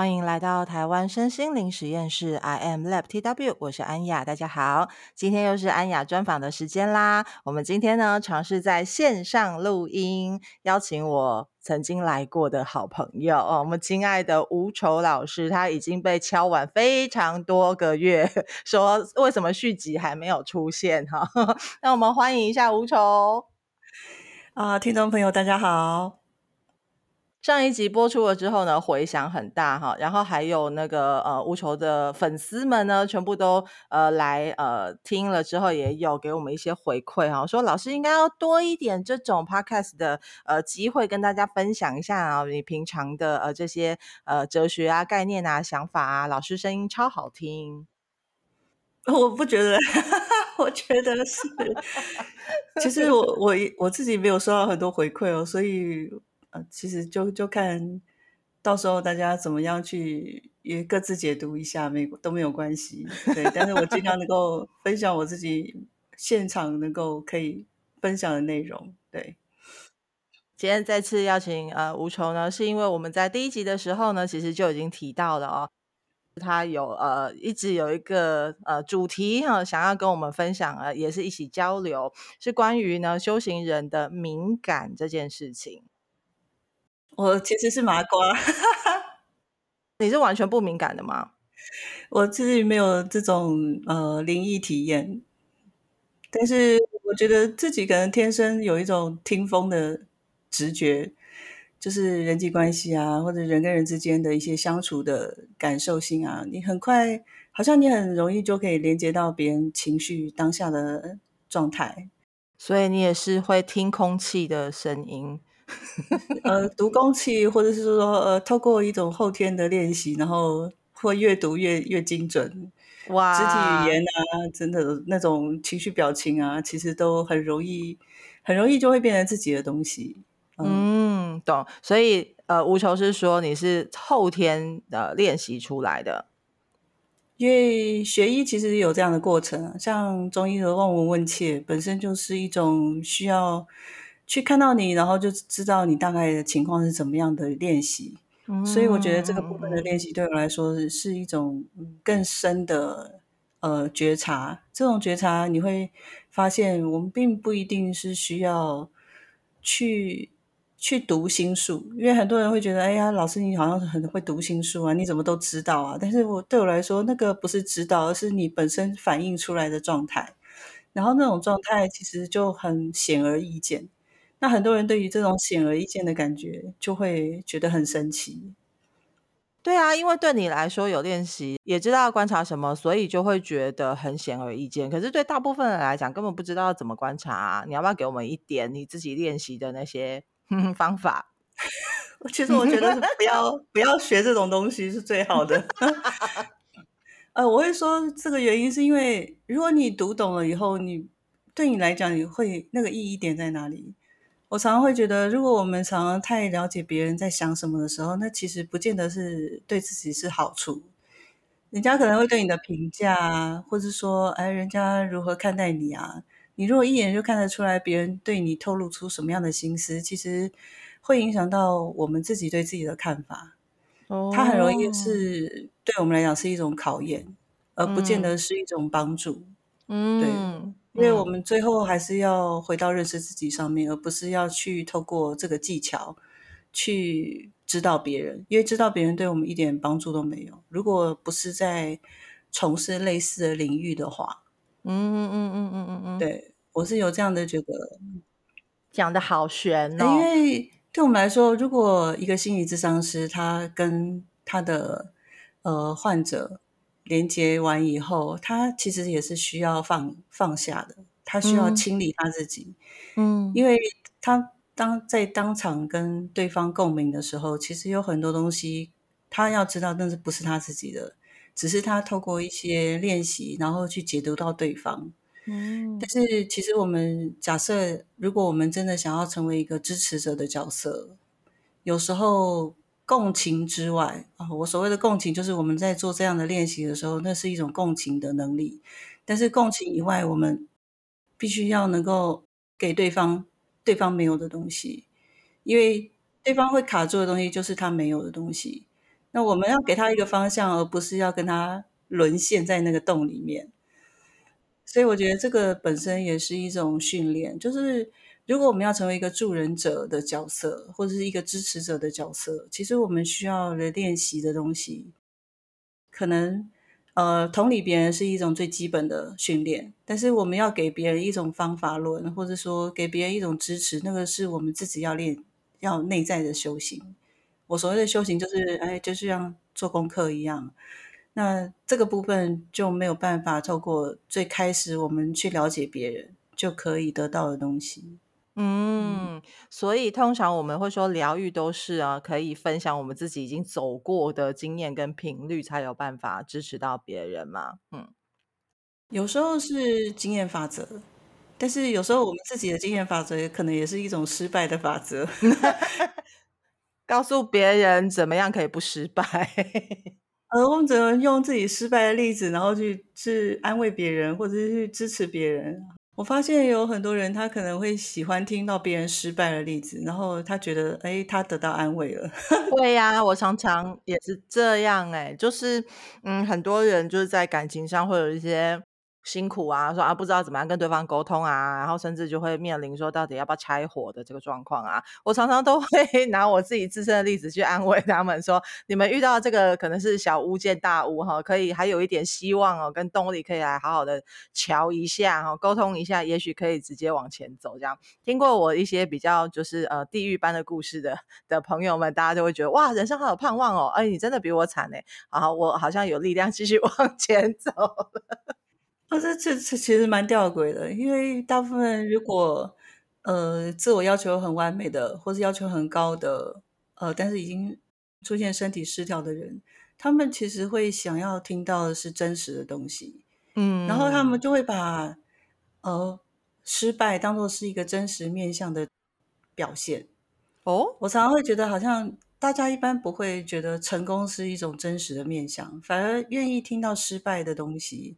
歡迎來到台灣身心靈實驗室，I am Lab TW，我是安雅，大家好，今天又是安雅專訪的時間啦。我們今天呢，嘗試在線上錄音，邀請我曾經來過的好朋友哦，我們親愛的無愁老師，他已經被敲完非常多個月，說為什麼續集還沒有出現哈、哦？那我們歡迎一下無愁啊，聽眾朋友大家好。上一集播出了之後呢，回響很大哈，然後還有那個呃無愁的粉絲們呢，全部都呃來呃聽了之後，也有給我們一些回饋哈，說老師應該要多一點這種 podcast 的呃機會跟大家分享一下啊、哦，你平常的呃這些呃哲學啊概念、啊想法啊，老師聲音超好聽，我不覺得， 我覺得是， 其實我我我自己沒有收到很多回饋哦，所以。其實就就看到時候大家怎麼樣去也各自解讀一下，沒都沒有關係。對，但是我儘量能夠分享我自己現場能夠可以分享的內容。對，今天再次邀請呃無愁呢，是因為我們在第一集的時候呢，其實就已經提到了哦，他有呃一直有一個呃主題哈、呃，想要跟我們分享啊、呃，也是一起交流，是關於呢修行人的敏感這件事情。我其實是麻瓜， 你是完全不敏感的嗎？我自己沒有這種呃靈異體驗，但是我覺得自己可能天生有一種聽風的直覺，就是人際關係啊，或者人跟人之間的一些相處的感受性啊，你很快，好像你很容易就可以連接到別人情緒當下的狀態，所以你也是會聽空氣的聲音。 呃，讀功氣或者是說，呃，透過一種後天的練習，然後會讀越讀越精準。哇，肢體語言啊，真的那種情緒表情啊，其實都很容易，很容易就會變成自己的東西。嗯，嗯懂。所以，呃，無愁是說你是後天的、呃、練習出來的，因為學醫其實有這樣的過程、啊，像中醫的望聞問，問切，本身就是一種需要。去看到你，然後就知道你大概的情況是怎麼樣的練習。嗯。所以我覺得這個部分的練習對我來說是，是一種更深的呃覺察。這種覺察，你會發現我們並不一定是需要去去讀心術，因為很多人會覺得：“哎呀，老師，你好像很會讀心術啊，你怎麼都知道啊？”但是我對我來說，那個不是知道，而是你本身反映出來的狀態。然後那種狀態其實就很顯而易見。那很多人對於這種顯而易見的感覺，就會覺得很神奇。對啊，因為對你來說有練習，也知道觀察什麼，所以就會覺得很顯而易見。可是對大部分人來講，根本不知道怎麼觀察啊。你要不要給我們一點你自己練習的那些呵呵方法？ 其實我覺得不要 不要學這種東西是最好的。 呃，我會說這個原因是因為，如果你讀懂了以後，你對你來講，你會那個意義點在哪裡？我常常會覺得，如果我們常常太了解別人在想什麼的時候，那其實不見得是對自己是好處。人家可能會對你的評價啊，或是說，哎，人家如何看待你啊？你如果一眼就看得出來別人對你透露出什麼樣的心思，其實會影響到我們自己對自己的看法。哦。它很容易是對我們來講是一種考驗，而不見得是一種幫助。嗯。對。因為我們最後還是要回到認識自己上面，而不是要去透過這個技巧去知道別人，因為知道別人對我們一點幫助都沒有。如果不是在從事類似的領域的話，嗯嗯嗯嗯嗯嗯對，我是有這樣的覺得。講得好玄呢、哦哎。因為對我們來說，如果一個心理諮商師，他跟他的呃患者，連接完以後，他其實也是需要放放下的，他需要清理他自己。嗯，嗯，因為他當在當場跟對方共鳴的時候，其實有很多東西他要知道，但是不是他自己的，只是他透過一些練習，嗯，然後去解讀到對方。嗯，但是其實我們假設，如果我們真的想要成為一個支持者的角色，有時候。共情之外啊，我所謂的共情就是我們在做這樣的練習的時候，那是一種共情的能力。但是共情以外，我們必須要能夠給對方對方沒有的東西，因為對方會卡住的東西就是他沒有的東西。那我們要給他一個方向，而不是要跟他淪陷在那個洞裡面。所以我覺得這個本身也是一種訓練，就是。如果我們要成為一個助人者的角色，或者是一個支持者的角色，其實我們需要的練習的東西，可能呃，同理別人是一種最基本的訓練。但是，我們要給別人一種方法論，或者說給別人一種支持，那個是我們自己要練、要內在的修行。我所謂的修行，就是哎，就是像做功課一樣。那這個部分就沒有辦法透過最開始我們去了解別人就可以得到的東西。嗯，所以通常我們會說，療癒都是啊，可以分享我們自己已經走過的經驗跟頻率，才有辦法支持到別人嘛。嗯，有時候是經驗法則，但是有時候我們自己的經驗法則，可能也是一種失敗的法則。 告訴別人怎麼樣可以不失敗，而、 啊、我們只能用自己失敗的例子，然後去去安慰別人，或者是去支持別人。我發現有很多人，他可能會喜歡聽到別人失敗的例子，然後他覺得，誒，他得到安慰了。 對呀，啊，我常常也是這樣，誒，就是，嗯，很多人就是在感情上會有一些。辛苦啊，說啊，不知道怎麼樣跟對方溝通啊，然後甚至就會面臨說，到底要不要拆夥的這個狀況啊。我常常都會拿我自己自身的例子去安慰他們說，你們遇到這個可能是小巫見大巫哈，可以還有一點希望哦，跟動力可以來好好的瞧一下哦，溝通一下，也許可以直接往前走這樣。聽過我一些比較就是呃地獄般的故事的的朋友們，大家就會覺得哇，人生好有盼望哦，哎，你真的比我慘呢、欸，好，我好像有力量繼續往前走了。啊，這這這其實蠻弔詭的，因為大部分如果呃自我要求很完美的，或是要求很高的，呃，但是已經出現身體失調的人，他們其實會想要聽到的是真實的東西，嗯，然後他們就會把呃失敗當做是一個真實面向的表現。哦，我常常會覺得，好像大家一般不會覺得成功是一種真實的面向，反而願意聽到失敗的東西。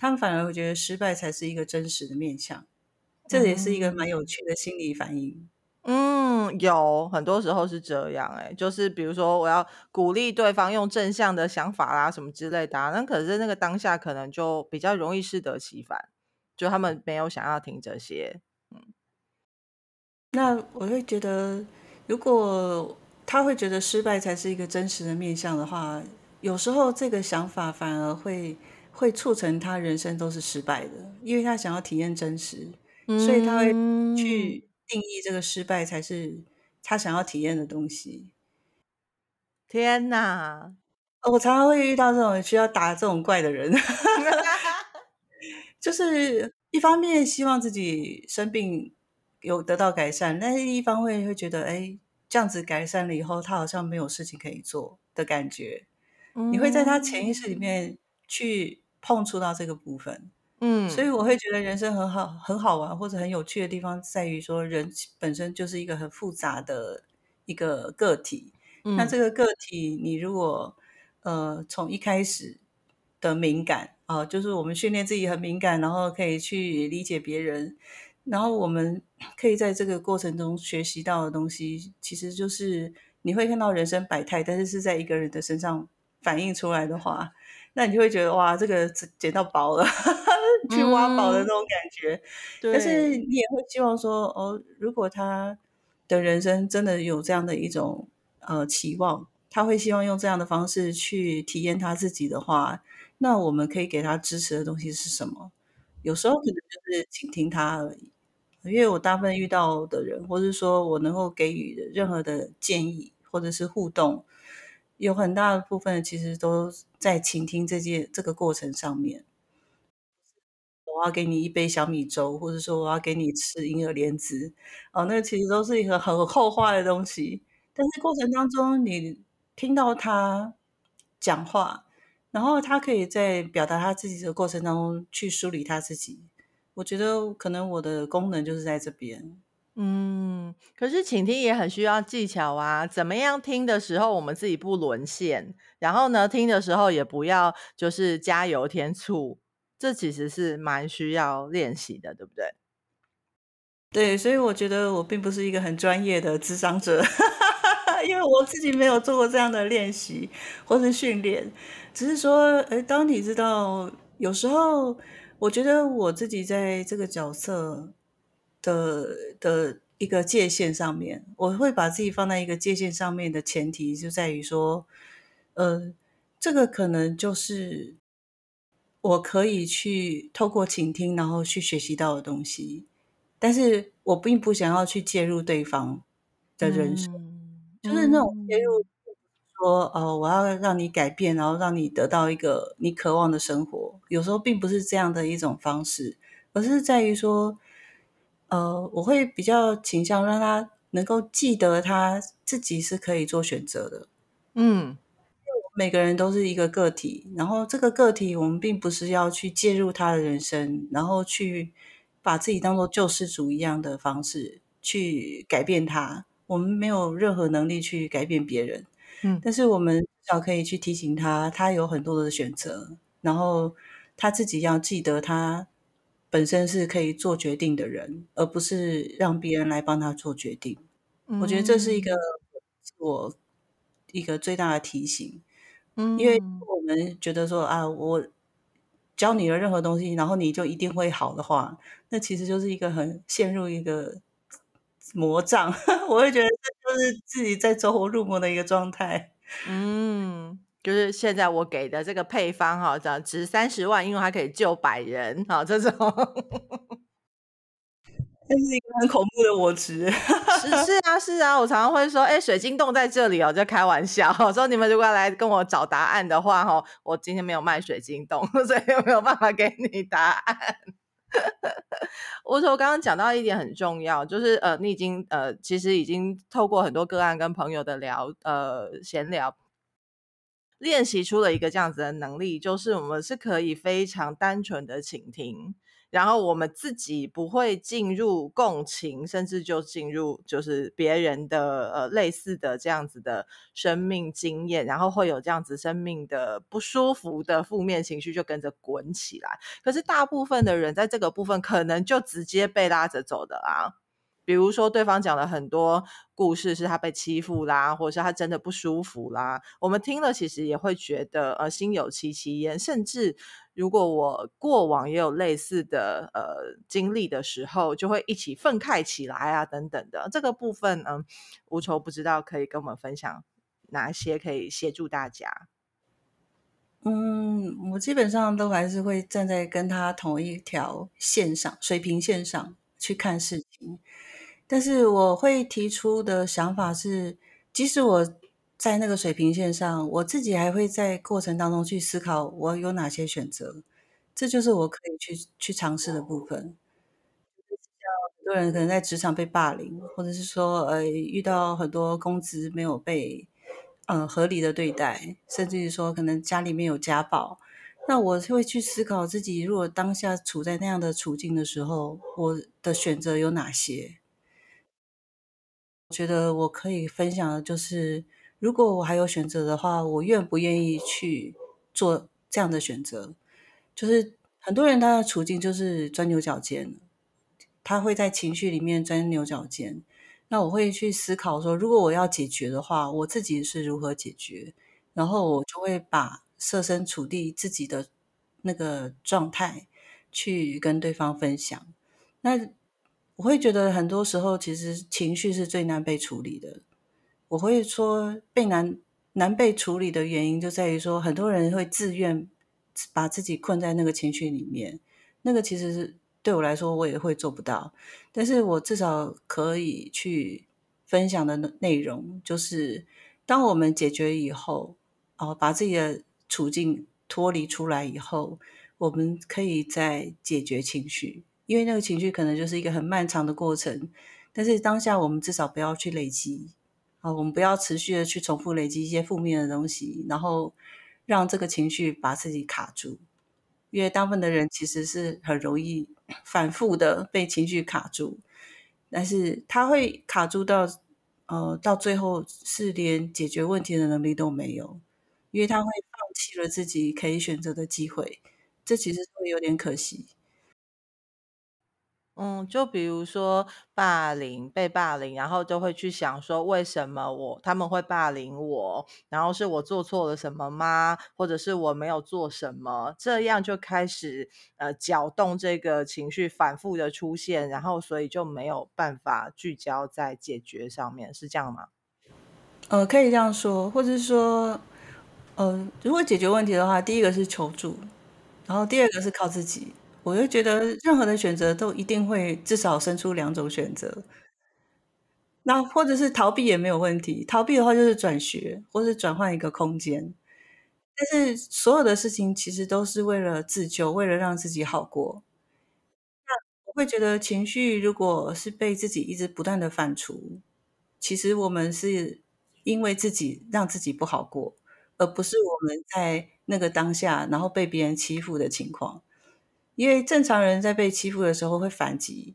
他們反而會覺得失敗才是一個真實的面向，嗯、這也是一個蠻有趣的心理反應。嗯，有很多時候是這樣哎、欸，就是比如說我要鼓勵對方用正向的想法啦什麼之類的，啊，那可是那個當下可能就比較容易適得其反，就他們沒有想要聽這些。嗯，那我會覺得，如果他會覺得失敗才是一個真實的面向的話，有時候這個想法反而會。會促成他人生都是失敗的，因為他想要體驗真實，嗯、所以他會去定義這個失敗才是他想要體驗的東西。天哪，我常常會遇到這種需要打這種怪的人， 就是一方面希望自己生病有得到改善，但是一方會會覺得，哎，這樣子改善了以後，他好像沒有事情可以做的感覺。嗯、你會在他潛意識裡面去，碰觸到這個部分，嗯，所以我會覺得人生很好，很好玩，或者很有趣的地方在於說，人本身就是一個很複雜的一個個體。嗯，那這個個體，你如果呃從一開始的敏感啊、呃，就是我們訓練自己很敏感，然後可以去理解別人，然後我們可以在這個過程中學習到的東西，其實就是你會看到人生百態，但是是在一個人的身上反映出來的話那你就會覺得哇，這個撿到寶了， 去挖寶的那種感覺。但是、嗯、你也會希望說，哦，如果他的人生真的有這樣的一種呃期望，他會希望用這樣的方式去體驗他自己的話，那我們可以給他支持的東西是什麼？有時候可能就是傾聽他而已，因為我大部分遇到的人，或是說我能夠給予的任何的建議或者是互動。有很大的部分的其實都在傾聽這件這個過程上面。我要給你一杯小米粥，或者說我要給你吃銀耳蓮子，哦，那個、其實都是一個很後話的東西。但是過程當中，你聽到他講話，然後他可以在表達他自己的過程當中去梳理他自己。我覺得可能我的功能就是在這邊。嗯，可是傾聽也很需要技巧啊。怎麼樣聽的時候，我們自己不淪陷，然後呢，聽的時候也不要就是加油添醋，這其實是蠻需要練習的，對不對？對，所以我覺得我並不是一個很專業的諮商者哈哈哈哈，因為我自己沒有做過這樣的練習或是訓練，只是說，誒當你知道有時候，我覺得我自己在這個角色，的的一個界限上面，我會把自己放在一個界限上面的前提就在於說，呃，這個可能就是我可以去透過傾聽，然後去學習到的東西。但是我並不想要去介入對方的人生，嗯、就是那種介入，說，呃、哦，我要讓你改變，然後讓你得到一個你渴望的生活。有時候並不是這樣的一種方式，而是在於說。呃，我會比較傾向讓他能夠記得他自己是可以做選擇的。嗯，因為我們每個人都是一個個體，然後這個個體，我們並不是要去介入他的人生，然後去把自己當做救世主一樣的方式去改變他。我們沒有任何能力去改變別人，嗯，但是我們至少可以去提醒他，他有很多的選擇，然後他自己要記得他。本身是可以做決定的人，而不是讓別人來幫他做決定。嗯。我覺得這是一個是我一個最大的提醒。嗯，因為我們覺得說啊，我教你了任何東西，然後你就一定會好的話，那其實就是一個很陷入一個魔障。 我會覺得這就是自己在走火入魔的一個狀態。嗯。就是現在我給的這個配方哈、哦，只要值三十萬，因為它可以救百人哈、哦，這種，這是一個很恐怖的我執。 是啊，是啊，我常常會說，哎、欸，水晶洞在這裡哦，在開玩笑、哦，說你們如果要來跟我找答案的話、哦，哈，我今天沒有賣水晶洞，所以又沒有辦法給你答案。 我說，我剛剛講到一點很重要，就是呃，你已經呃，其實已經透過很多個案跟朋友的聊呃閒聊。練習出了一個這樣子的能力，就是我們是可以非常單純的傾聽，然後我們自己不會進入共情，甚至就進入就是別人的呃類似的這樣子的生命經驗，然後會有這樣子生命的不舒服的負面情緒就跟着滾起來。可是大部分的人在這個部分可能就直接被拉着走的啊。比如說，對方講了很多故事，是他被欺負啦，或者是他真的不舒服啦。我們聽了，其實也會覺得呃，心有戚戚焉。甚至如果我過往也有類似的呃經歷的時候，就會一起憤慨起來啊，等等的這個部分，嗯，無愁不知道可以跟我們分享哪些可以協助大家。嗯，我基本上都還是會站在跟他同一條線上，水平線上去看事情，但是我會提出的想法是，即使我在那個水平線上，我自己還會在過程當中去思考我有哪些選擇，這就是我可以去去嘗試的部分。很多人可能在職場被霸凌，或者是說呃遇到很多工資沒有被嗯、呃、合理的對待，甚至於說可能家裡面有家暴，那我會去思考自己如果當下處在那樣的處境的時候，我的選擇有哪些。我覺得我可以分享的就是，如果我還有選擇的話，我願不願意去做這樣的選擇？就是很多人他的處境就是鑽牛角尖，他會在情緒裡面鑽牛角尖。那我會去思考說，如果我要解決的話，我自己是如何解決？然後我就會把設身處地自己的那個狀態去跟對方分享。那我會覺得很多時候，其實情緒是最難被處理的。我會說，被難難被處理的原因就在於說，很多人會自願把自己困在那個情緒裡面。那個其實是對我來說，我也會做不到。但是我至少可以去分享的內容，就是當我們解決以後，哦，把自己的處境脫離出來以後，我們可以再解決情緒。因為那個情緒可能就是一個很漫長的過程，但是當下我們至少不要去累積，好、呃，我們不要持續的去重複累積一些負面的東西，然後讓這個情緒把自己卡住。因為大部分的人其實是很容易反複的被情緒卡住，但是他會卡住到呃到最後是連解決問題的能力都沒有，因為他會放棄了自己可以選擇的機會，這其實會有點可惜。嗯，就比如說霸凌，被霸凌，然後都會去想說，為什麼我他們會霸凌我？然後是我做錯了什麼嗎？或者是我沒有做什麼？這樣就開始呃攪動這個情緒反復的出現，然後所以就沒有辦法聚焦在解決上面，是這樣嗎？呃，可以這樣說，或者說，嗯、呃，如果解決問題的話，第一個是求助，然後第二個是靠自己。我就覺得，任何的選擇都一定會至少生出兩種選擇，那或者是逃避也沒有問題。逃避的話就是轉學，或是轉換一個空間。但是所有的事情其實都是為了自救，為了讓自己好過。那我會覺得，情緒如果是被自己一直不斷的反芻，其實我們是因為自己讓自己不好過，而不是我們在那個當下，然後被別人欺負的情況。因為正常人在被欺負的時候會反擊，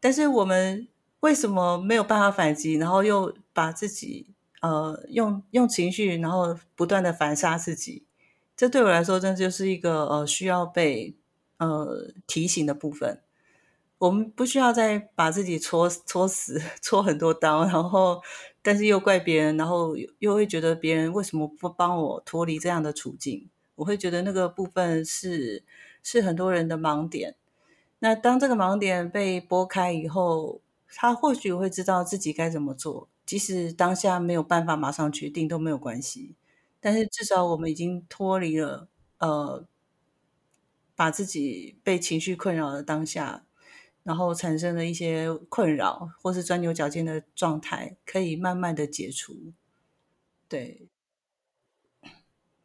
但是我們為什麼沒有辦法反擊？然後又把自己呃用用情緒，然後不斷的反殺自己？這對我來說，真的就是一個呃需要被呃提醒的部分。我們不需要再把自己戳戳死，戳很多刀，然後但是又怪別人，然後又會覺得別人為什麼不幫我脫離這樣的處境？我會覺得那個部分是是很多人的盲點，那當這個盲點被撥開以後，他或許會知道自己該怎麼做。即使當下沒有辦法馬上決定都沒有關係，但是至少我們已經脫離了呃，把自己被情緒困擾的當下，然後產生了一些困擾或是鑽牛角尖的狀態，可以慢慢的解除，對。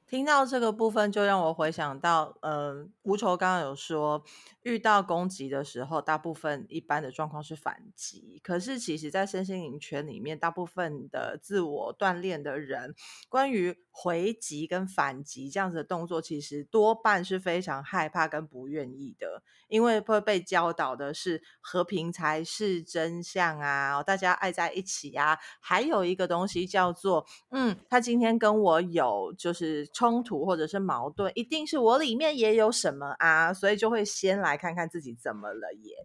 聽到這個部分，就讓我回想到，嗯、呃，無愁剛剛有說。遇到攻擊的時候，大部分一般的狀況是反擊。可是，其實，在身心靈圈裡面，大部分的自我鍛鍊的人，關於回擊跟反擊這樣子的動作，其實多半是非常害怕跟不願意的，因為會被教導的是和平才是真相啊，大家愛在一起啊。還有一個東西叫做，嗯，他今天跟我有就是衝突或者是矛盾，一定是我裡面也有什麼啊，所以就會先來。看看自己怎麼了也，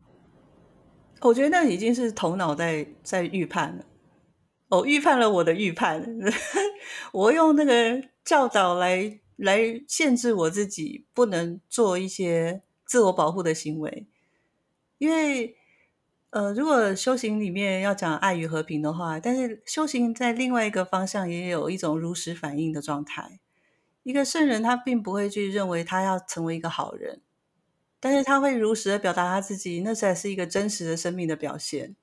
我覺得那已經是頭腦在在預判了。哦、oh，預判了我的預判， 我用那個教導來來限制我自己，不能做一些自我保護的行為。因為，呃，如果修行裡面要講愛與和平的話，但是修行在另外一個方向也有一種如實反應的狀態。一個聖人他並不會去認為他要成為一個好人。但是他會如實的表達他自己，那才是一個真實的生命的表現。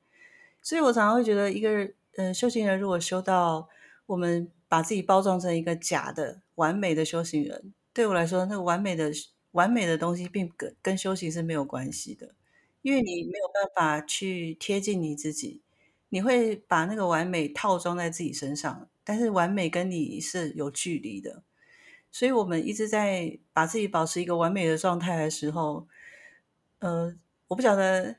所以我常常會覺得，一個人呃修行人如果修到我們把自己包裝成一個假的完美的修行人，對我來說，那個完美的完美的東西並跟跟修行是沒有關係的，因為你沒有辦法去貼近你自己，你會把那個完美套裝在自己身上，但是完美跟你是有距離的。所以，我們一直在把自己保持一個完美的狀態的時候，呃，我不曉得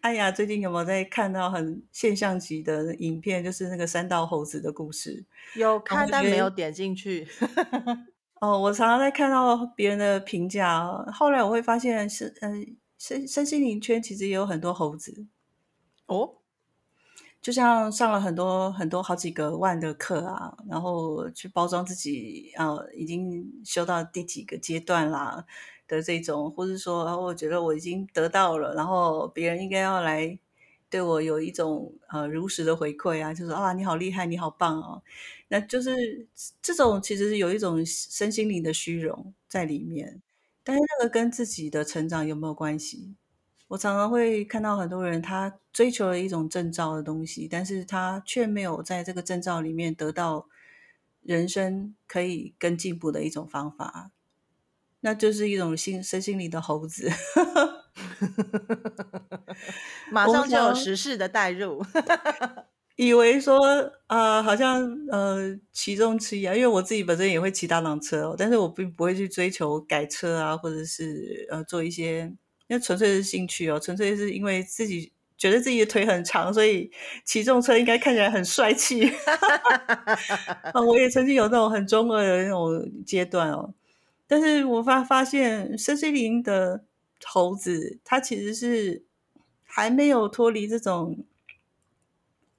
安雅、哎、最近有沒有在看到很現象級的影片，就是那個三道猴子的故事。有看，但沒有點進去。 哦，我常常在看到別人的評價，後來我會發現，是嗯身身心靈圈其實也有很多猴子。哦。就像上了很多很多好幾個萬的課啊，然後去包裝自己，啊已經修到第幾個階段啦的這種，或是說，啊，我覺得我已經得到了，然後別人應該要來對我有一種呃如實的回饋啊，就是啊你好厲害，你好棒哦，那就是這種其實是有一種身心靈的虛榮在裡面，但是那個跟自己的成長有沒有關係？我常常會看到很多人，他追求了一種證照的東西，但是他卻沒有在這個證照裡面得到人生可以更進步的一種方法，那就是一種心身心靈的猴子。 馬上就有實事的代入， 以為說啊、呃，好像呃，騎重機啊，因為我自己本身也會騎打檔車、哦，但是我並不會去追求改車啊，或者是呃做一些。那純粹是興趣哦，純粹是因為自己覺得自己的腿很長，所以騎這種車應該看起來很帥氣。 我也曾經有那種很中二的那種階段哦，但是我發發現，身心靈的猴子，他其實是還沒有脫離這種，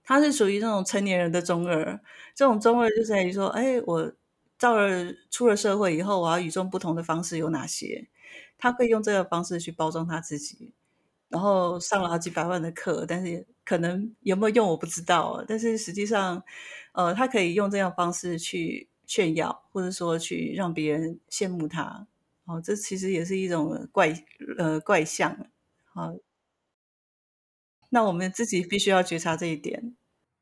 他是屬於那種成年人的中二。這種中二就在於說，哎，我到了出了社會以後，我要與眾不同的方式有哪些？他可以用這個方式去包裝他自己，然後上了好幾百萬的課，但是可能有沒有用我不知道啊。但是實際上，呃，他可以用這樣的方式去炫耀，或者說去讓別人羨慕他。哦，這其實也是一種怪呃怪象。好，哦，那我們自己必須要覺察這一點。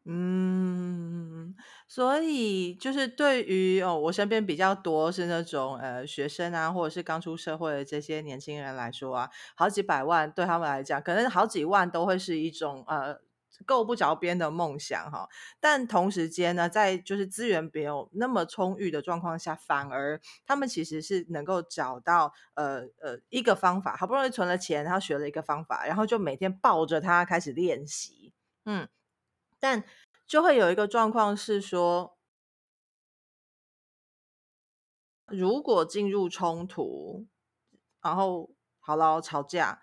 嗯。所以，就是對於哦，我身邊比較多是那種呃學生啊，或者是剛出社會的這些年輕人來說啊，好幾百萬對他們來講，可能好幾萬都會是一種呃夠不着邊的夢想哈、哦。但同時間呢，在就是資源沒有那麼充裕的狀況下，反而他們其實是能夠找到呃呃一個方法，好不容易存了錢，然後學了一個方法，然後就每天抱着它開始練習，嗯，但。就會有一個狀況是說，如果進入衝突，然後好了吵架，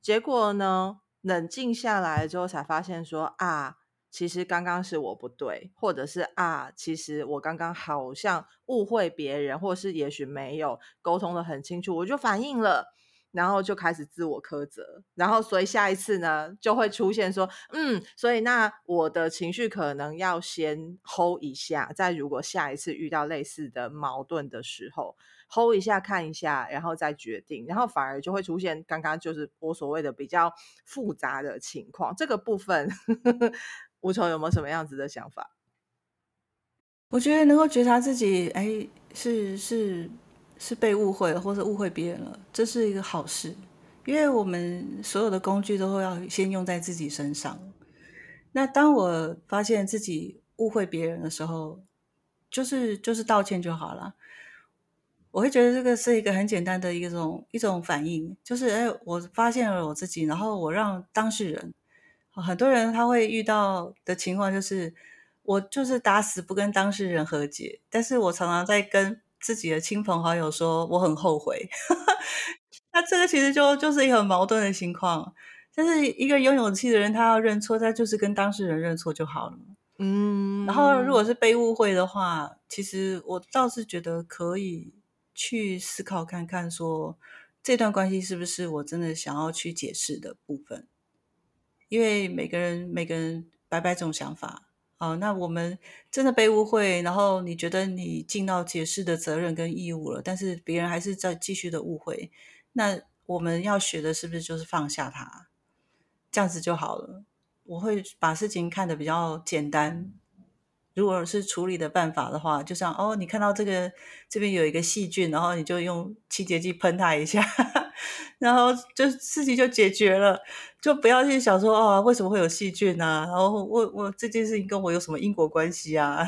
結果呢冷靜下來之後才發現說啊，其實剛剛是我不對，或者是啊，其實我剛剛好像誤會別人，或是也許沒有溝通的很清楚，我就反應了。然後就開始自我苛責，然後所以下一次呢就會出現說，嗯，所以那我的情緒可能要先 hold 一下，再如果下一次遇到類似的矛盾的時候，hold 一下看一下，然後再決定，然後反而就會出現剛剛就是我所謂的比較複雜的情況。這個部分無愁有沒有什麼樣子的想法？我覺得能夠覺察自己，哎，是是。是被誤會了，或者誤會別人了，這是一個好事，因為我們所有的工具都會要先用在自己身上。那當我發現自己誤會別人的時候，就是就是道歉就好了。我會覺得這個是一個很簡單的一種一種反應，就是誒，我發現了我自己，然後我讓當事人。很多人他會遇到的情況就是，我就是打死不跟當事人和解，但是我常常在跟。自己的親朋好友說我很後悔， 那這個其實就就是一個很矛盾的情況。但是一個有勇氣的人，他要認錯，他就是跟當事人認錯就好了。嗯，然後如果是被誤會的話，其實我倒是覺得可以去思考看看說，說這段關係是不是我真的想要去解釋的部分？因為每個人每個人拜拜這種想法。哦，那我們真的被誤會，然後你覺得你盡到解釋的責任跟義務了，但是別人還是在繼續的誤會，那我們要學的是不是就是放下它，這樣子就好了？我會把事情看得比較簡單。如果是處理的辦法的話，就像哦，你看到這個這邊有一個細菌，然後你就用清潔劑噴它一下。 然後就事情就解決了，就不要去想說啊、哦，為什麼會有細菌啊。然後我我這件事情跟我有什麼因果關係啊？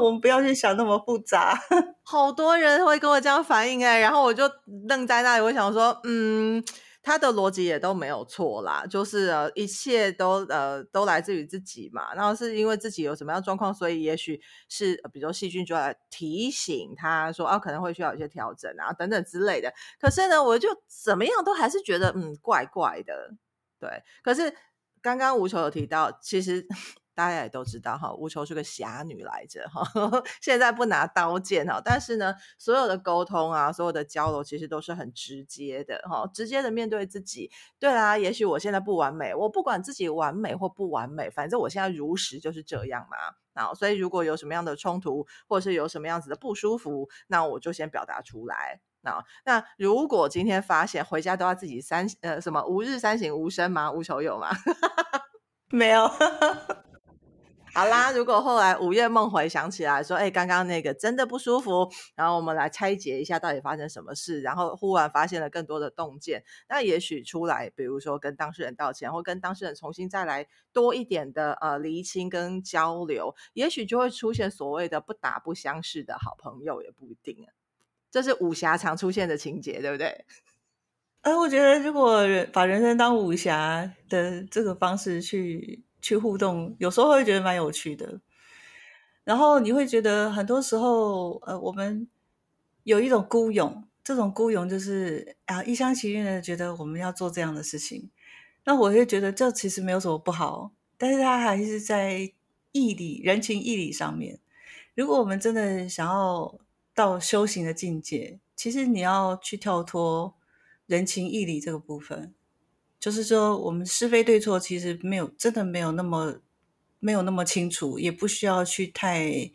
我們不要去想那麼複雜。好多人會跟我這樣反應哎、欸，然後我就愣在那裡，我想說，嗯。他的邏輯也都沒有錯啦，就是呃，一切都呃都來自於自己嘛。然後是因為自己有什麼樣的狀況，所以也許是、呃、比如說細菌就要來提醒他說啊，可能會需要一些調整啊等等之類的。可是呢，我就怎麼樣都還是覺得嗯，怪怪的。對，可是剛剛無愁有提到，其實。大家也都知道哈，無愁是個俠女來着哈。現在不拿刀劍哈，但是呢，所有的溝通啊，所有的交流其實都是很直接的哈，直接的面對自己。對啊，也許我現在不完美，我不管自己完美或不完美，反正我現在如實就是這樣嘛。那所以如果有什麼樣的衝突，或者是有什麼樣子的不舒服，那我就先表達出來。那那如果今天發現回家都要自己三呃什麼吾日三省吾身嗎？無愁有嗎？ 沒有。好啦，如果後來午夜夢回想起來說，哎、欸，剛剛那個真的不舒服，然後我們來拆解一下到底發生什麼事，然後忽然發現了更多的洞見，那也許出來，比如說跟當事人道歉，或跟當事人重新再來多一點的呃釐清跟交流，也許就會出現所謂的不打不相識的好朋友，也不一定啊。這是武俠常出現的情節，對不對？哎、呃，我覺得如果人把人生當武俠的這種方式去。去互動，有時候會覺得蠻有趣的，然後你會覺得很多時候，呃，我們有一種孤勇，這種孤勇就是啊一廂情願的覺得我們要做這樣的事情，那我會覺得這其實沒有什麼不好，但是他還是在義理，人情義理上面。如果我們真的想要到修行的境界，其實你要去跳脫人情義理這個部分。就是說，我們是非對錯其實沒有，真的沒有那麼沒有那麼清楚，也不需要去太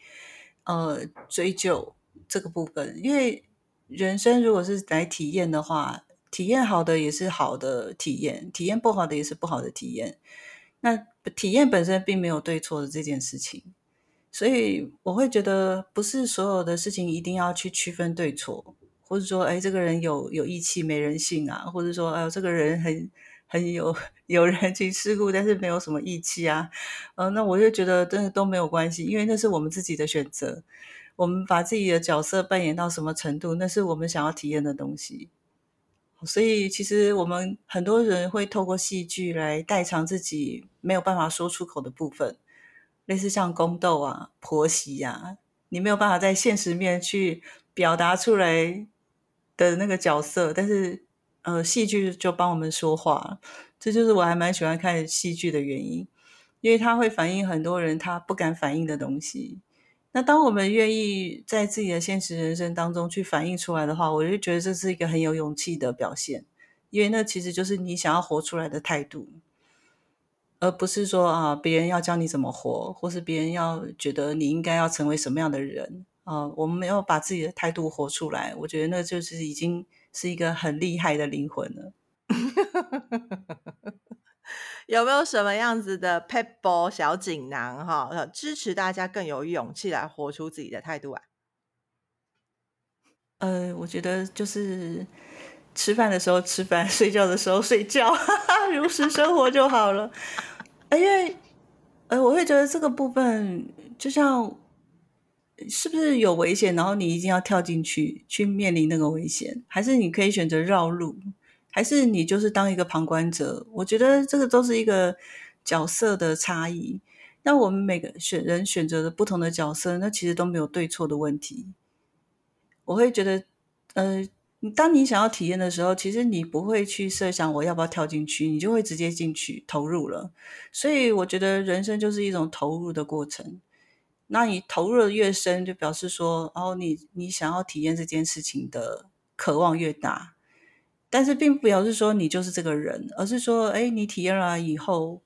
呃追究這個部分。因為人生如果是來體驗的話，體驗好的也是好的體驗，體驗不好的也是不好的體驗。那體驗本身並沒有對錯的這件事情，所以我會覺得不是所有的事情一定要去區分對錯，或者說，哎，這個人有有義氣沒人性啊，或者說，哎，這個人很。很有有人情世故，但是沒有什麼義氣啊。嗯，那我就覺得真的都沒有關係，因為那是我們自己的選擇。我們把自己的角色扮演到什麼程度，那是我們想要體驗的東西。所以，其實我們很多人會透過戲劇來代償自己沒有辦法說出口的部分，類似像宮鬥啊、婆媳呀、啊，你沒有辦法在現實面去表達出來的那個角色，但是。呃，戲劇就幫我們說話，這就是我還蠻喜歡看戲劇的原因，因為它會反映很多人他不敢反映的東西。那當我們願意在自己的現實人生當中去反映出來的話，我就覺得這是一個很有勇氣的表現，因為那其實就是你想要活出來的態度，而不是說啊，別人要教你怎麼活，或是別人要覺得你應該要成為什麼樣的人啊。呃，我們沒有把自己的態度活出來，我覺得那就是已經。是一個很厲害的靈魂了， 有沒有什麼樣子的撇步小錦囊哈、哦？支持大家更有勇氣來活出自己的態度啊。呃，我覺得就是吃飯的時候吃飯，睡覺的時候睡覺，哈哈如實生活就好了。 因為呃，我會覺得這個部分就像。是不是有危險？然後你一定要跳進去去面臨那個危險，還是你可以選擇繞路，還是你就是當一個旁觀者？我覺得這個都是一個角色的差異。那我們每個選人選擇的不同的角色，那其實都沒有對錯的問題。我會覺得，呃，當你想要體驗的時候，其實你不會去設想我要不要跳進去，你就會直接進去投入了。所以我覺得人生就是一種投入的過程。那你投入的越深，就表示說，哦，你你想要體驗這件事情的渴望越大，但是並不表示說你就是這個人，而是說，哎，你體驗了以後，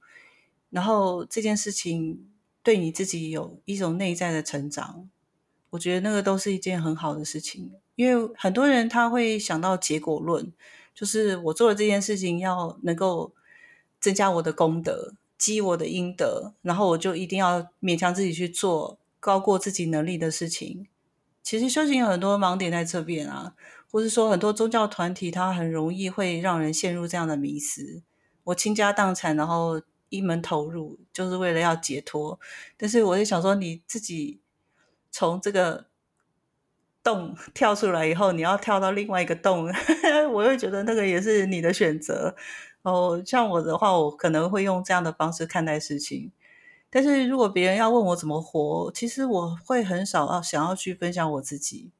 然後這件事情對你自己有一種內在的成長，我覺得那個都是一件很好的事情，因為很多人他會想到結果論，就是我做了這件事情要能夠增加我的功德。積我的陰德，然後我就一定要勉強自己去做高過自己能力的事情。其實修行有很多盲點在這邊啊，或是說很多宗教團體，它很容易會讓人陷入這樣的迷思。我傾家蕩產，然後一門投入，就是為了要解脫。但是我就想說，你自己從這個洞跳出來以後，你要跳到另外一個洞， 我又覺得那個也是你的選擇。哦，oh, 像我的話，我可能會用這樣的方式看待事情。但是如果別人要問我怎麼活，其實我會很少啊，想要去分享我自己，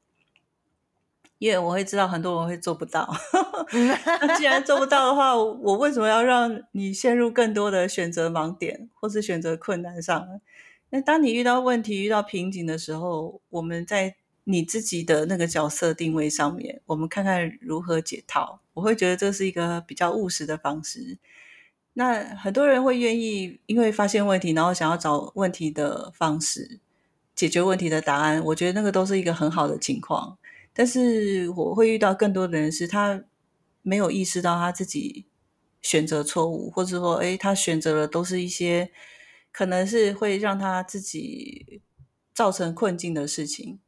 因、yeah, 為我會知道很多人會做不到。 那既然做不到的話， 我為什麼要讓你陷入更多的選擇盲點或是選擇困難上呢？那當你遇到問題、遇到瓶頸的時候，我們在。你自己的那個角色定位上面，我們看看如何解套。我會覺得這是一個比較務實的方式。那很多人會願意因為發現問題，然後想要找問題的方式，解決問題的答案。我覺得那個都是一個很好的情況。但是我會遇到更多的人是他沒有意識到他自己選擇錯誤，或者說，誒，他選擇的都是一些可能是會讓他自己造成困境的事情。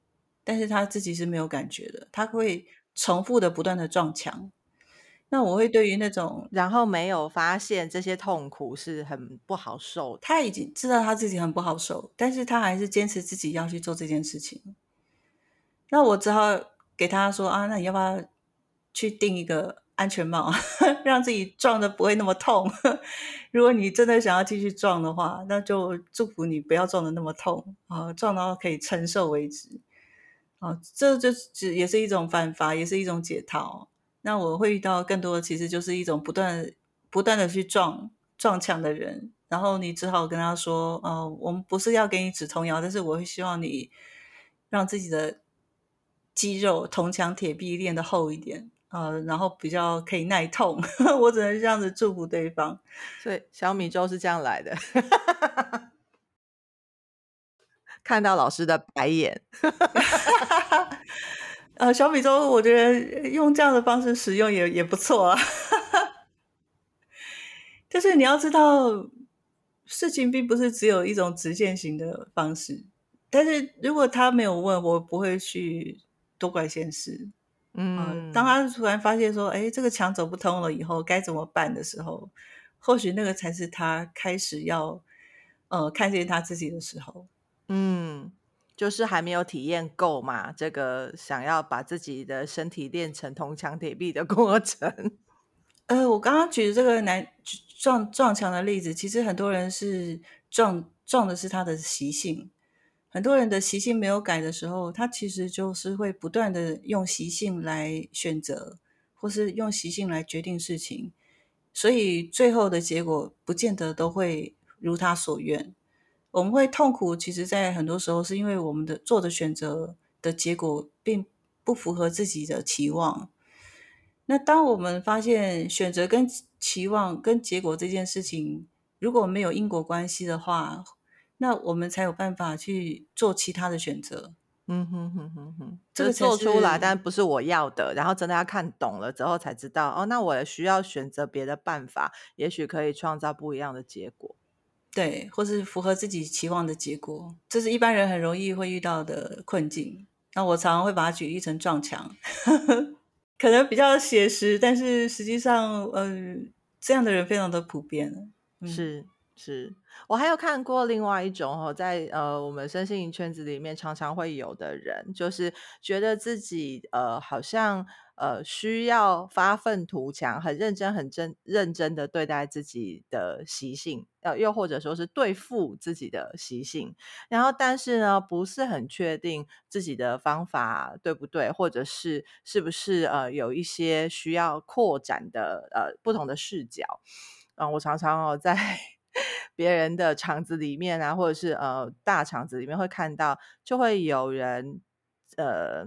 但是他自己是沒有感覺的，他會重複的不斷的撞牆。那我會對於那種然後沒有發現這些痛苦是很不好受。他已經知道他自己很不好受，但是他還是堅持自己要去做這件事情。那我只好給他說啊，那你要不要去訂一個安全帽，呵呵，讓自己撞的不會那麼痛。呵呵，如果你真的想要繼續撞的話，那就祝福你不要撞的那麼痛啊，撞到可以承受為止。哦，這就是也是一種辦法，也是一種解套。那我會遇到更多的，其實就是一種不斷不斷的去撞撞牆的人，然後你只好跟他說，呃，我們不是要給你止痛藥，但是我會希望你讓自己的肌肉銅牆鐵壁練得厚一點，呃，然後比較可以耐痛。 我只能這樣子祝福對方。對，小米粥是這樣來的。 看到老師的白眼， 呃，小米粥，我覺得用這樣的方式使用也也不錯。但是你要知道，事情並不是只有一種直線型的方式。但是如果他沒有問，我不會去多管閒事。嗯、呃，當他突然發現說：“哎、欸，這個牆走不通了，以後該怎麼辦？”的時候，或許那個才是他開始要呃看見他自己的時候。嗯，就是還沒有體驗夠嘛，這個想要把自己的身體練成銅牆鐵壁的過程。呃，我剛剛舉的這個男撞撞牆的例子，其實很多人是撞撞的是他的習性。很多人的習性沒有改的時候，他其實就是會不斷的用習性來選擇，或是用習性來決定事情，所以最後的結果不見得都會如他所願。我們會痛苦，其實，在很多時候是因為我們的做的選擇的結果並不符合自己的期望。那當我們發現選擇跟期望跟結果這件事情如果沒有因果關係的話，那我們才有辦法去做其他的選擇。嗯哼哼哼哼，這個做出來，但不是我要的，然後真的要看懂了之後，才知道，哦，那我需要選擇別的辦法，也許可以創造不一樣的結果。對，或是符合自己期望的結果，這是一般人很容易會遇到的困境。那我常常會把它舉例成撞牆， 可能比較寫實，但是實際上，嗯、呃，這樣的人非常的普遍。嗯、是是，我還有看過另外一種哦，在呃我們身心靈圈子裡面常常會有的人，就是覺得自己呃好像。呃，需要發奮圖強，很認真、很真認真的對待自己的習性，呃，又或者說是對付自己的習性。然後，但是呢，不是很確定自己的方法對不對，或者是是不是呃有一些需要擴展的呃不同的視角。呃，我常常哦在別人的場子裡面啊，或者是呃大場子裡面會看到，就會有人呃。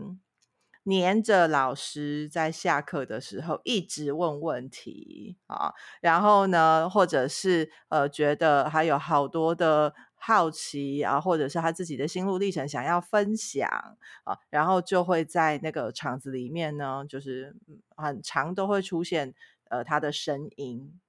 黏着老師，在下課的時候一直問問題啊，然後呢，或者是呃，覺得他有好多的好奇啊，或者是他自己的心路歷程想要分享啊，然後就會在那個場子裡面呢，就是很常都會出現呃他的聲音。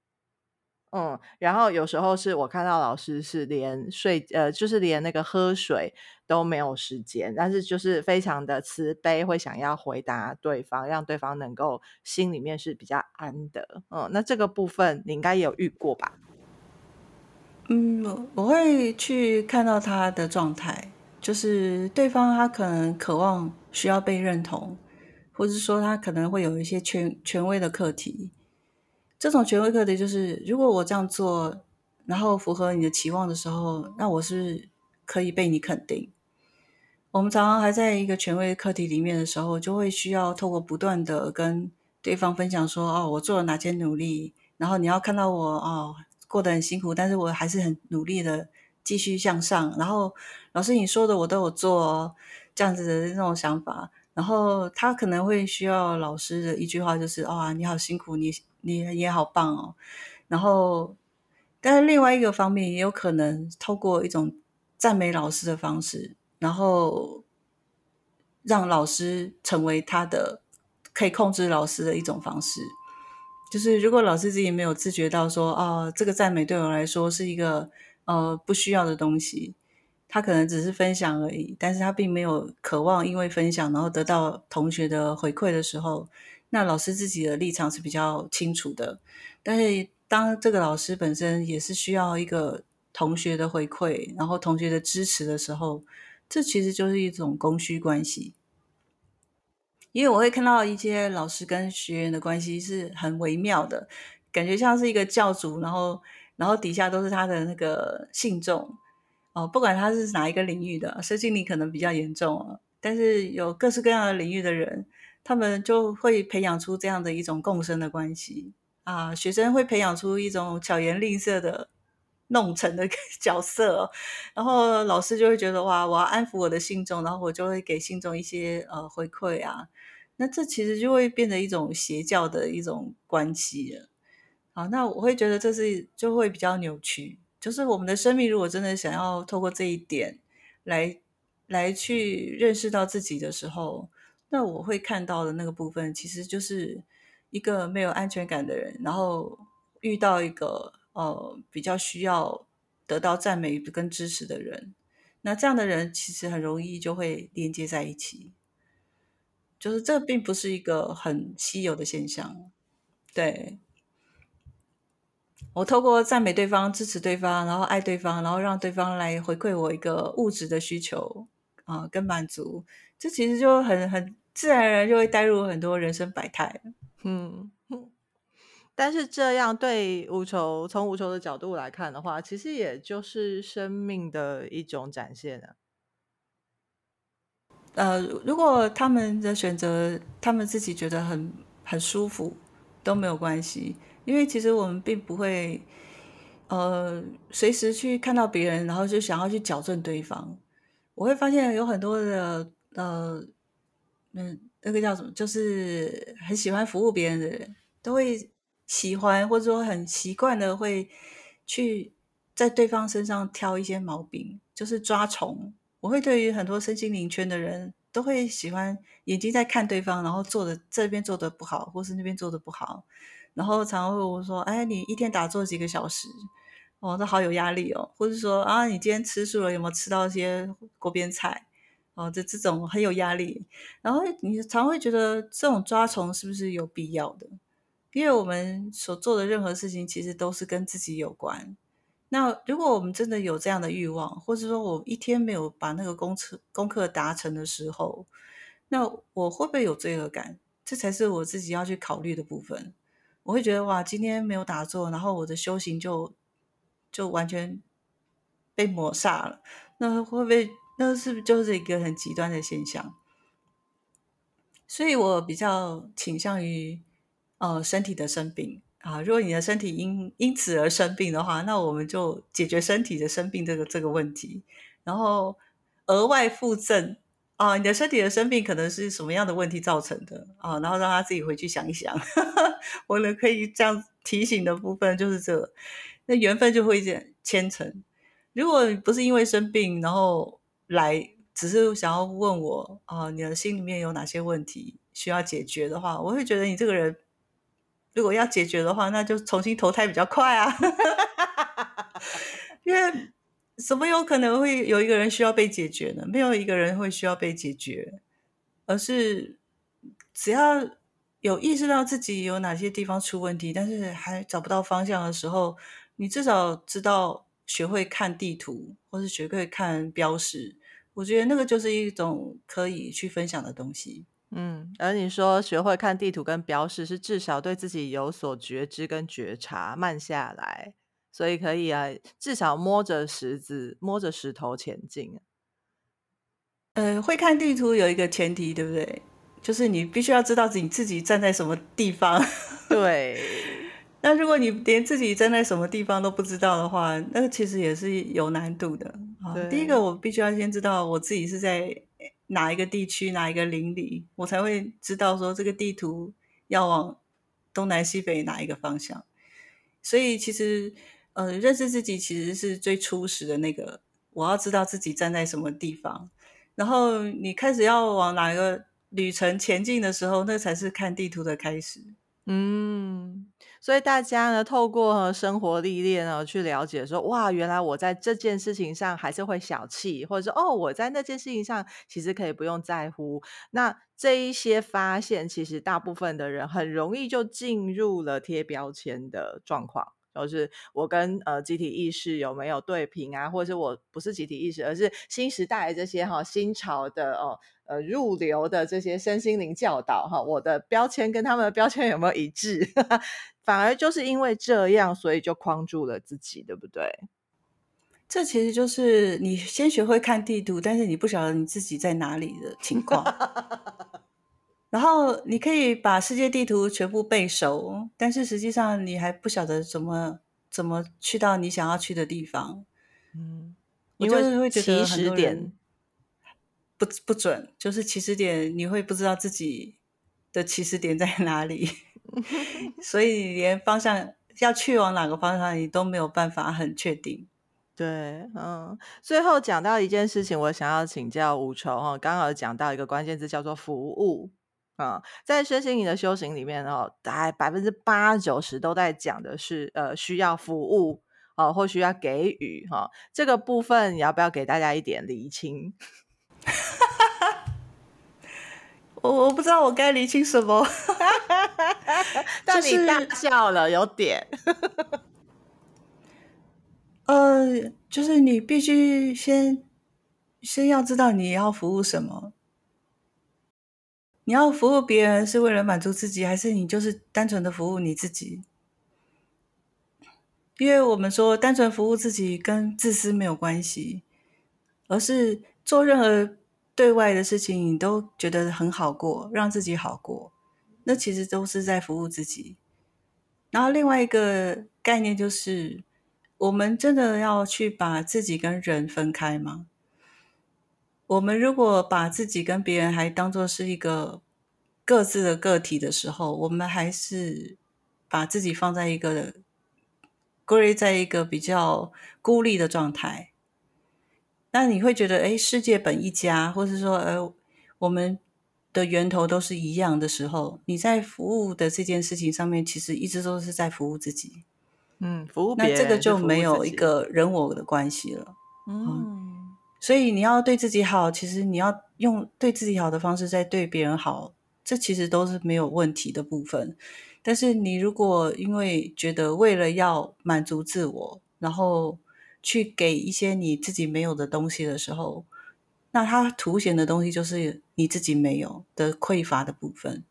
嗯，然後有時候是我看到老師是連睡，呃，就是連那個喝水都沒有時間，但是就是非常的慈悲，會想要回答對方，讓對方能夠心裡面是比較安的。嗯，那這個部分你應該也有遇過吧？嗯，我會去看到他的狀態，就是對方他可能渴望需要被認同，或者說他可能會有一些權權威的課題。這種權威課題就是，如果我這樣做，然後符合你的期望的時候，那我是可以被你肯定。我們常常還在一個權威課題裡面的時候，就會需要透過不斷的跟對方分享說：“哦，我做了哪些努力，然後你要看到我哦過得很辛苦，但是我還是很努力的繼續向上。”然後老師你說的我都有做哦，這樣子的這種想法。然後他可能會需要老師的一句話，就是啊，你好辛苦，你你也好棒哦。然後，但是另外一個方面也有可能透過一種讚美老師的方式，然後讓老師成為他的可以控制老師的一種方式。就是如果老師自己沒有自覺到說，啊，這個讚美對我來說是一個呃不需要的東西。他可能只是分享而已，但是他並沒有渴望因為分享然後得到同學的回饋的時候，那老師自己的立場是比較清楚的。但是當這個老師本身也是需要一個同學的回饋，然後同學的支持的時候，這其實就是一種供需關係。因為我會看到一些老師跟學員的關係是很微妙的，感覺像是一個教主，然後然後底下都是他的那個信眾。哦，不管他是哪一個領域的，設計你可能比較嚴重，啊，但是有各式各樣的領域的人，他們就會培養出這樣的一種共生的關係啊。學生會培養出一種巧言令色的弄臣的角色，然後老師就會覺得哇，我要安撫我的信眾，然後我就會給信眾一些呃回饋啊。那這其實就會變成一種邪教的一種關係了。好，啊，那我會覺得這是就會比較扭曲。就是我們的生命，如果真的想要透過這一點來來去認識到自己的時候，那我會看到的那個部分，其實就是一個沒有安全感的人，然後遇到一個呃比較需要得到讚美跟支持的人，那這樣的人其實很容易就會連接在一起。就是這並不是一個很稀有的現象，對。我透過讚美對方、支持對方，然後愛對方，然後讓對方來回饋我一個物質的需求啊、呃，跟滿足，這其實就很很自然而然就會帶入很多人生百態。嗯，但是這樣對無愁，從無愁的角度來看的話，其實也就是生命的一種展現了、啊。呃，如果他們的選擇，他們自己覺得很很舒服，都沒有關係。因為其實我們並不會，呃，隨時去看到別人，然後就想要去矯正對方。我會發現有很多的，呃，嗯，那個叫什麼，就是很喜歡服務別人的人都會喜歡，或者說很習慣的會去在對方身上挑一些毛病，就是抓蟲。我會對於很多身心靈圈的人都會喜歡，眼睛在看對方，然後做的這邊做的不好，或是那邊做的不好。然後常會問我說：“哎，你一天打坐幾個小時？哦，這好有壓力哦。或者說啊，你今天吃素了，有沒有吃到一些鍋邊菜？哦，這這種很有壓力。然後你常會覺得這種抓蟲是不是有必要的？因為我們所做的任何事情，其實都是跟自己有關。那如果我們真的有這樣的慾望，或者說我一天沒有把那個功課功課達成的時候，那我會不會有罪惡感？這才是我自己要去考慮的部分。”我會覺得哇，今天沒有打坐，然後我的修行就就完全被抹煞了。那會不會？那是不是就是一個很極端的現象？所以我比較傾向於，呃，身體的生病啊。如果你的身體因因此而生病的話，那我們就解決身體的生病這個這個問題，然後額外附贈。啊、呃，你的身體的生病可能是什麼樣的問題造成的啊、呃？然後讓他自己回去想一想呵呵。我能可以這樣提醒的部分就是這個，那緣分就會一點牽成。如果不是因為生病，然後來只是想要問我啊、呃，你的心裡面有哪些問題需要解決的話，我會覺得你這個人如果要解決的話，那就重新投胎比較快啊。呵呵因為怎麼有可能會有一個人需要被解決呢？沒有一個人會需要被解決，而是只要有意識到自己有哪些地方出問題，但是還找不到方向的時候，你至少知道學會看地圖，或是學會看標識。我覺得那個就是一種可以去分享的東西。嗯，而你說學會看地圖跟標識，是至少對自己有所覺知跟覺察，慢下來。所以可以啊，至少摸着石子，摸着石頭前進。嗯、呃，會看地圖有一個前提，對不對？就是你必須要知道你自己站在什麼地方。對。 那如果你連自己站在什麼地方都不知道的話，那其實也是有難度的。對第一個我必須要先知道我自己是在哪一個地區、哪一個鄰里，我才會知道說，這個地圖要往東南西北哪一個方向。所以其實。呃，認識自己其實是最初始的那個，我要知道自己站在什麼地方。然後你開始要往哪個旅程前進的時候，那才是看地圖的開始。嗯，所以大家呢，透過生活歷練啊，去了解說，哇，原來我在這件事情上還是會小氣，或者說，哦，我在那件事情上其實可以不用在乎。那這一些發現，其實大部分的人很容易就進入了貼標籤的狀況。就是我跟呃集體意識有沒有對平啊，或者是我不是集體意識，而是新時代這些哈、哦、新潮的哦呃入流的這些身心靈教導哈、哦，我的標籤跟他們的標籤有沒有一致？ 反而就是因為這樣，所以就框住了自己，對不對？這其實就是你先學會看地圖，但是你不曉得你自己在哪裡的情況。 然後你可以把世界地圖全部背熟，但是實際上你還不曉得怎麼怎麼去到你想要去的地方。嗯，你就是會覺得起始點不不準，就是起始點你會不知道自己的起始點在哪裡， 所以連方向要去往哪個方向你都沒有辦法很確定。對，嗯。最後講到一件事情，我想要請教無愁哈，剛好講到一個關鍵字叫做服務。啊、嗯，在身心靈的修行裡面哦，大概百分之八九十都在講的是，呃，需要服務啊、呃，或需要給予哈、呃，這個部分你要不要給大家一點釐清？ 我我不知道我該釐清什麼， 但你大笑了，有點。 呃，就是你必須先先要知道你要服務什麼。你要服務別人是為了滿足自己，還是你就是單純的服務你自己？因為我們說單純服務自己跟自私沒有關係，而是做任何對外的事情，你都覺得很好過，讓自己好過，那其實都是在服務自己。然後另外一個概念就是，我們真的要去把自己跟人分開嗎？我們如果把自己跟別人還當做是一個各自的個體的時候，我們還是把自己放在一個歸在一個比較孤立的狀態，那你會覺得，哎，世界本一家，或是說，呃，我們的源頭都是一樣的時候，你在服務的這件事情上面，其實一直都是在服務自己，嗯，服務別人，那這個就沒有一個人我的關係了，嗯。所以你要對自己好，其實你要用對自己好的方式在對別人好，這其實都是沒有問題的部分。但是你如果因為覺得為了要滿足自我，然後去給一些你自己沒有的東西的時候，那它凸顯的東西就是你自己沒有的匱乏的部分。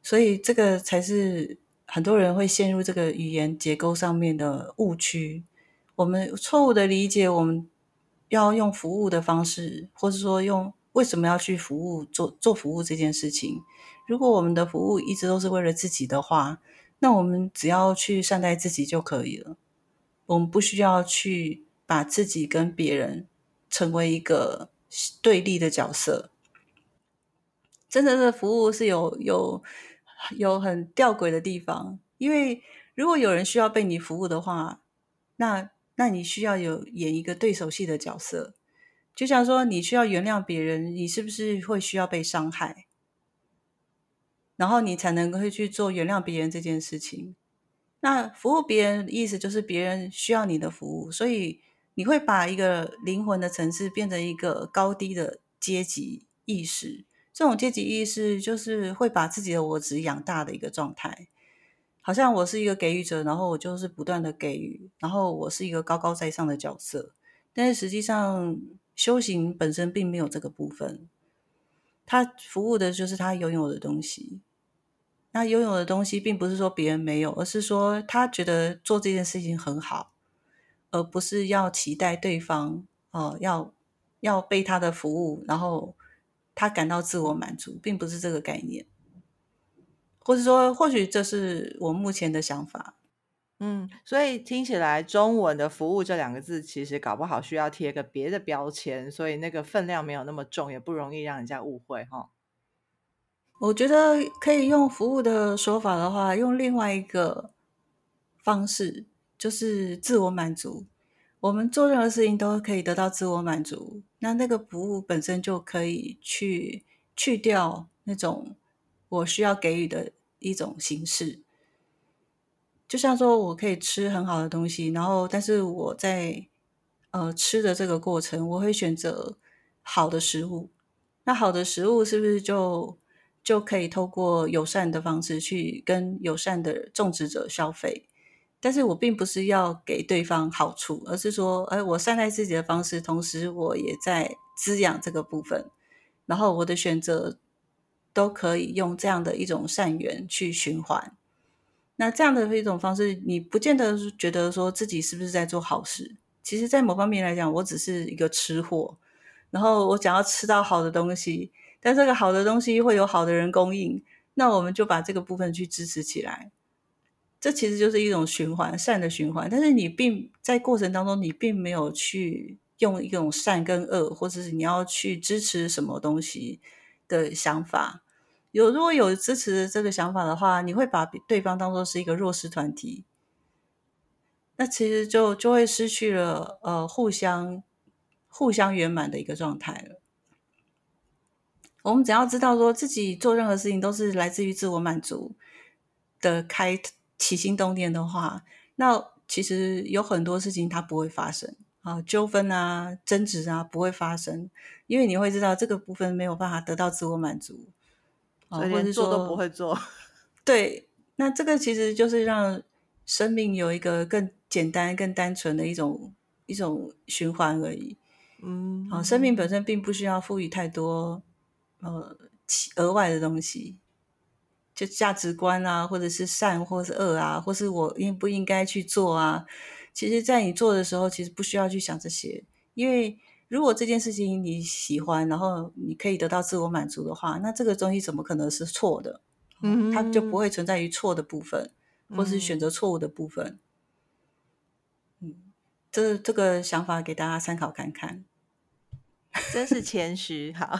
所以這個才是很多人會陷入這個語言結構上面的誤區。我們錯誤的理解我們。要用服務的方式，或是說用為什麼要去服務做做服務這件事情？如果我們的服務一直都是為了自己的話，那我們只要去善待自己就可以了。我們不需要去把自己跟別人成為一個對立的角色。真正的服務是有有有很吊詭的地方，因為如果有人需要被你服務的話，那。那你需要有演一個對手戲的角色，就像說你需要原諒別人，你是不是會需要被傷害？然後你才能夠去做原諒別人這件事情。那服務別人意思就是別人需要你的服務，所以你會把一個靈魂的層次變成一個高低的階級意識。這種階級意識就是會把自己的我執養大的一個狀態。好像我是一個給予者，然後我就是不斷的給予，然後我是一個高高在上的角色。但是實際上，修行本身並沒有這個部分。他服務的就是他擁有的東西。那擁有的東西，並不是說別人沒有，而是說他覺得做這件事情很好，而不是要期待對方哦、呃，要要被他的服務，然後他感到自我滿足，並不是這個概念。或者說，或許這是我目前的想法。嗯，所以聽起來“中文的服務”這兩個字，其實搞不好需要貼個別的標籤，所以那個分量沒有那麼重，也不容易讓人家誤會哈。哦、我覺得可以用“服務”的說法的話，用另外一個方式，就是自我滿足。我們做任何事情都可以得到自我滿足，那那個服務本身就可以去去掉那種。我需要給予的一種形式，就像說，我可以吃很好的東西，然後，但是我在呃吃的這個過程，我會選擇好的食物。那好的食物是不是就就可以透過友善的方式去跟友善的種植者消費？但是我並不是要給對方好處，而是說，哎、呃，我善待自己的方式，同時我也在滋養這個部分，然後我的選擇。都可以用這樣的一種善緣去循環。那這樣的一種方式，你不見得覺得說自己是不是在做好事。其實，在某方面來講，我只是一個吃貨，然後我想要吃到好的東西，但這個好的東西會有好的人供應，那我們就把這個部分去支持起來。這其實就是一種循環，善的循環。但是你並，在過程當中，你並沒有去用一種善跟惡，或者是你要去支持什麼東西。的想法有，如果有支持這個想法的話，你會把對方當做是一個弱勢團體，那其實就就會失去了呃，互相互相圓滿的一個狀態了。我們只要知道說自己做任何事情都是來自於自我滿足的開，起心動念的話，那其實有很多事情它不會發生。啊，糾紛啊，爭執啊，不會發生，因為你會知道這個部分沒有辦法得到自我滿足，所以連做都不會做。對，那這個其實就是讓生命有一個更簡單、更單純的一種一種循環而已。嗯，啊，生命本身並不需要賦予太多呃額外的東西，就價值觀啊，或者是善，或者是惡啊，或者是我應不應該去做啊。其實，在你做的時候，其實不需要去想這些，因為如果這件事情你喜歡，然後你可以得到自我滿足的話，那這個東西怎麼可能是錯的？嗯哼，它就不會存在於錯的部分，或是選擇錯誤的部分。嗯，嗯，這這個想法給大家參考看看。真是謙虛。 好，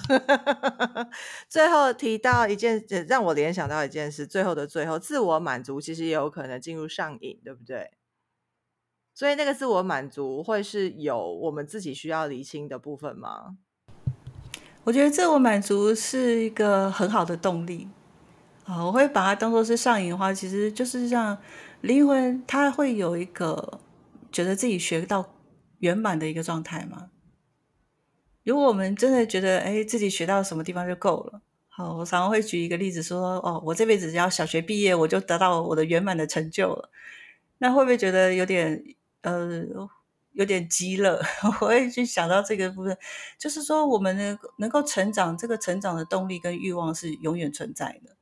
最後提到一件，讓我聯想到一件事。最後的最後，自我滿足其實也有可能進入上癮，對不對？所以那個自我滿足會是有我們自己需要理清的部分嗎？我覺得自我滿足是一個很好的動力啊，我會把它當作是上癮的話，其實就是讓靈魂它會有一個覺得自己學到圓滿的一個狀態嗎？如果我們真的覺得哎、欸、自己學到什麼地方就夠了，好，我常常會舉一個例子說哦，我這輩子只要小學畢業我就得到我的圓滿的成就了，那會不會覺得有點？呃，有點急了，我會去想到這個部分，就是說，我們能能夠成長，這個成長的動力跟慾望是永遠存在的，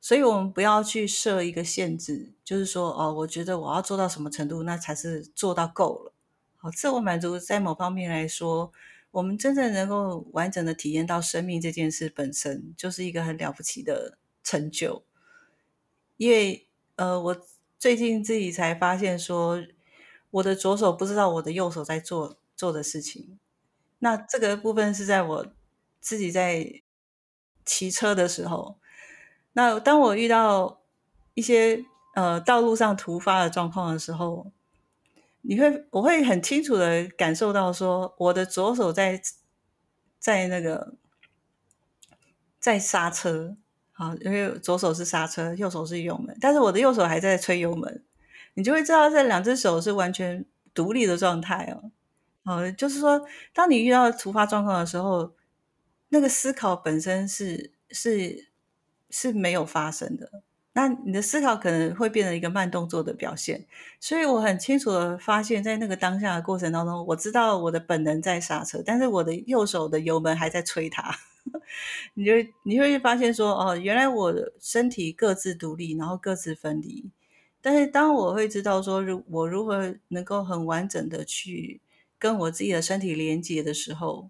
所以，我們不要去設一個限制，就是說，哦，我覺得我要做到什麼程度，那才是做到夠了。好，自我滿足，在某方面來說，我們真正能夠完整的體驗到生命這件事本身，就是一個很了不起的成就，因為，呃，我最近自己才發現說。我的左手不知道我的右手在做做的事情，那這個部分是在我自己在騎車的時候。那當我遇到一些呃、道路上突發的狀況的時候，你會我會很清楚的感受到說我的左手在在那個在剎車，啊，因為左手是剎車，右手是油門，但是我的右手還在催油門。你就會知道這兩隻手是完全獨立的狀態哦。哦，就是說，當你遇到突發狀況的時候，那個思考本身是是是沒有發生的。那你的思考可能會變成一個慢動作的表現。所以我很清楚的發現，在那個當下的過程當中，我知道我的本能在剎車，但是我的右手的油門還在催它。 你就你會發現說，哦，原來我的身體各自獨立，然後各自分離。但是當我會知道說，如我如何能夠很完整的去跟我自己的身體連接的時候，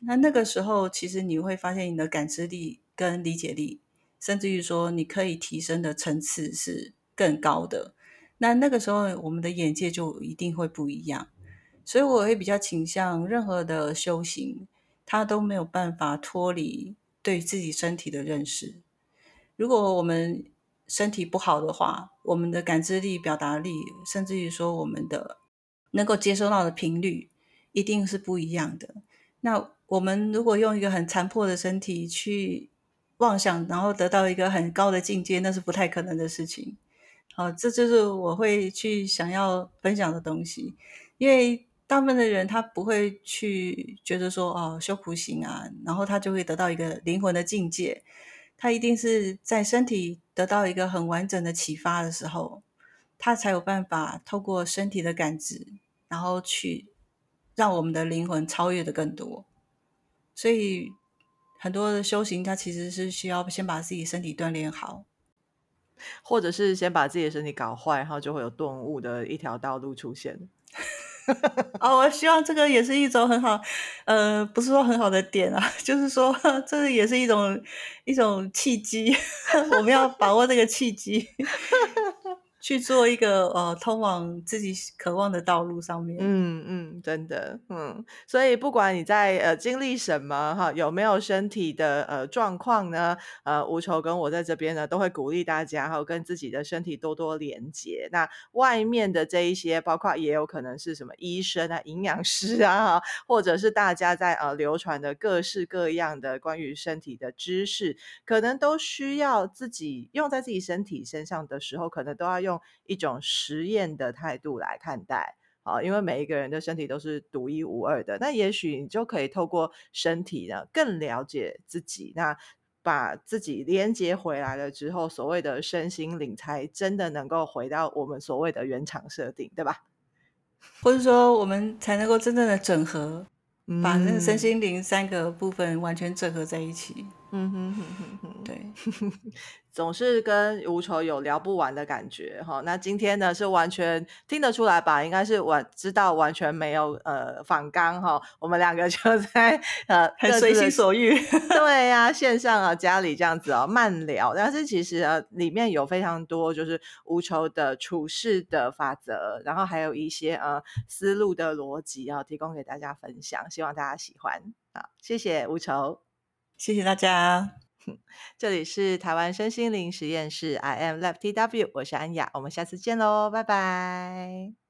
那那個時候其實你會發現你的感知力跟理解力，甚至於說你可以提升的層次是更高的。那那個時候我們的眼界就一定會不一樣。所以我會比較傾向任何的修行，它都沒有辦法脫離對自己身體的認識。如果我們身體不好的話，我們的感知力、表達力，甚至於說我們的能夠接收到的頻率，一定是不一樣的。那我們如果用一個很殘破的身體去妄想，然後得到一個很高的境界，那是不太可能的事情。好，哦，這就是我會去想要分享的東西，因為大部分的人他不會去覺得說，哦，修苦行啊，然後他就會得到一個靈魂的境界。他一定是在身體得到一個很完整的啟發的時候，他才有辦法透過身體的感知，然後去讓我們的靈魂超越的更多。所以，很多的修行，它其實是需要先把自己身體鍛鍊好，或者是先把自己的身體搞壞，然後就會有頓悟的一條道路出現。啊、 哦，我希望這個也是一種很好，呃，不是說很好的點啊，就是說，這也是一種一種契機，我們要把握這個契機。 去做一個呃，通往自己渴望的道路上面。嗯嗯，真的，嗯，所以不管你在呃經歷什麼哈，有沒有身體的呃狀況呢，呃，無愁跟我在這邊呢，都會鼓勵大家哈，跟自己的身體多多連接。那外面的這一些，包括也有可能是什麼醫生啊、營養師啊，或者是大家在呃流傳的各式各樣的關於身體的知識，可能都需要自己用在自己身體身上的時候，可能都要用。一種實驗的態度來看待好。哦，因為每一個人的身體都是獨一無二的，那也許你就可以透過身體呢，更了解自己。那把自己連接回來了之後，所謂的身心靈才真的能夠回到我們所謂的原廠設定，對吧？或者說，我們才能夠真正的整合，嗯，把那個身心靈三個部分完全整合在一起。嗯哼哼哼哼，對， 總是跟無愁有聊不完的感覺哈。那今天呢，是完全聽得出來吧？應該是我知道完全沒有呃反感哈。我們兩個就在呃很隨心所欲， 對呀、啊，線上啊，家裡這樣子啊，慢聊。 但是其實啊，裡面有非常多就是無愁的處事的法則，然後還有一些呃思路的邏輯啊，提供給大家分享，希望大家喜歡啊。好，謝謝無愁。謝謝大家，這裡是台灣身心靈實驗室，I am Lab TW，我是安雅，我們下次見嘍，拜拜。